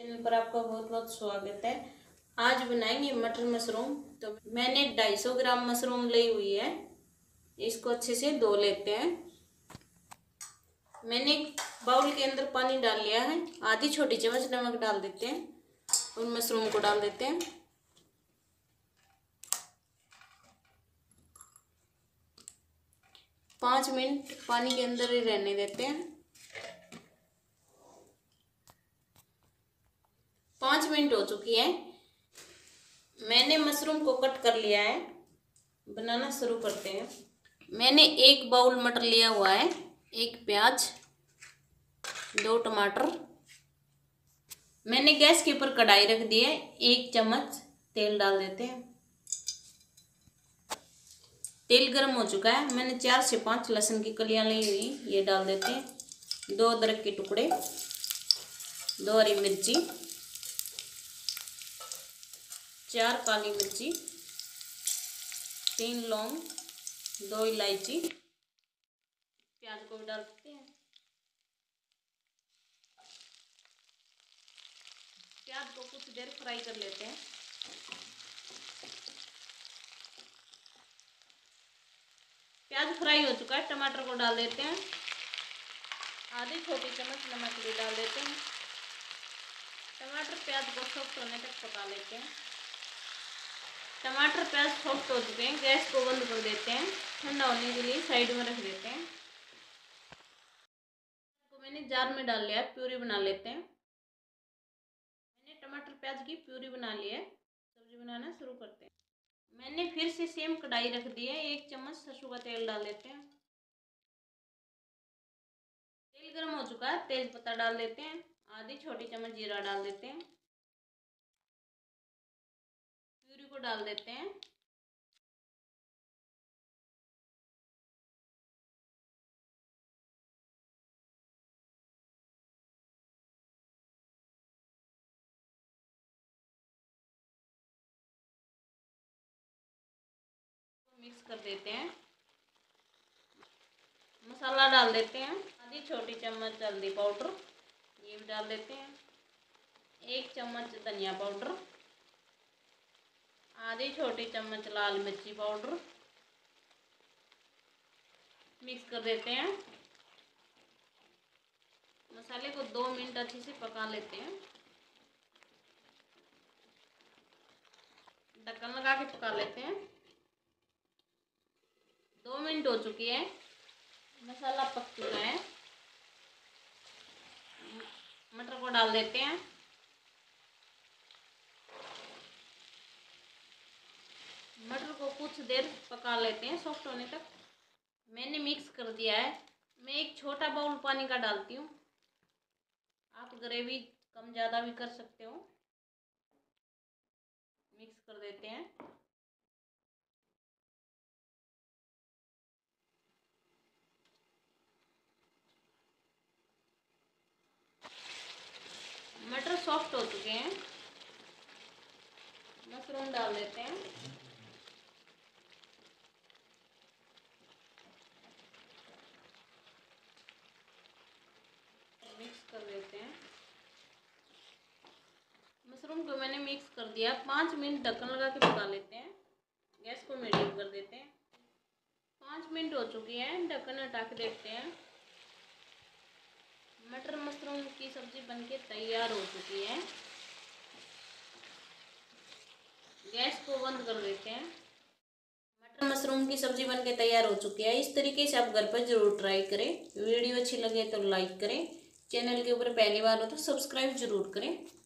channel पर आपका बहुत बहुत स्वागत है आज बनाएंगे मटर मशरूम तो मैंने 250 ग्राम मशरूम ली हुई है इसको अच्छे से धो लेते हैं मैंने बाउल के अंदर पानी डाल लिया है आधी छोटी चम्मच नमक डाल देते हैं और मशरूम को डाल देते हैं पाँच मिनट पानी के अंदर ही रहने देते हैं मिनट हो चुकी है मैंने मशरूम को कट कर लिया है बनाना शुरू करते हैं मैंने एक बाउल मटर लिया हुआ है एक प्याज दो टमाटर मैंने गैस के ऊपर कढ़ाई रख दी है एक चम्मच तेल डाल देते हैं तेल गर्म हो चुका है मैंने चार से पांच लहसुन की कलियां ली हुई ये डाल देते हैं दो अदरक के टुकड़े दो हरी मिर्ची चार काली मिर्ची तीन लौंग दो इलायची प्याज को भी डाल सकते हैं प्याज को कुछ देर फ्राई कर लेते हैं प्याज फ्राई हो चुका है टमाटर को डाल देते हैं आधी छोटी चम्मच नमक भी डाल देते हैं टमाटर प्याज को सॉफ्ट होने तक पका लेते हैं टमाटर प्याज सॉफ्ट हो चुके हैं गैस को बंद कर देते हैं ठंडा होने के लिए साइड में रख देते हैं तो मैंने जार में डाल लिया प्यूरी बना लेते हैं मैंने टमाटर प्याज की प्यूरी बना ली है सब्जी बनाना शुरू करते हैं मैंने फिर से सेम कढ़ाई रख दी है एक चम्मच सरसों का तेल डाल देते हैं तेल गर्म हो चुका है तेज पत्ता डाल देते हैं आधी छोटी चम्मच जीरा डाल देते हैं को डाल देते हैं मिक्स कर देते हैं मसाला डाल देते हैं आधी छोटी चम्मच हल्दी पाउडर ये भी डाल देते हैं एक चम्मच धनिया पाउडर आधी छोटी चम्मच लाल मिर्ची पाउडर मिक्स कर देते हैं मसाले को दो मिनट अच्छे से पका लेते हैं ढक्कन लगा के पका लेते हैं दो मिनट हो चुकी है मसाला पक चुका है मटर को डाल देते हैं मटर को कुछ देर पका लेते हैं सॉफ्ट होने तक मैंने मिक्स कर दिया है मैं एक छोटा बाउल पानी का डालती हूँ आप ग्रेवी कम ज़्यादा भी कर सकते हो मिक्स कर देते हैं मटर सॉफ्ट हो चुके हैं मशरूम डाल देते हैं को तो मैंने मिक्स कर दिया पाँच मिनट ढक्कन लगा के पका लेते हैं गैस को मीडियम कर देते हैं पाँच मिनट हो चुके हैं ढक्कन हटा के देखते हैं मटर मशरूम की सब्ज़ी बनके तैयार हो चुकी है गैस को बंद कर देते हैं मटर मशरूम की सब्ज़ी बनके तैयार हो चुकी है इस तरीके से आप घर पर ज़रूर ट्राई करें वीडियो अच्छी लगे तो लाइक करें चैनल के ऊपर पहली बार हो तो सब्सक्राइब जरूर करें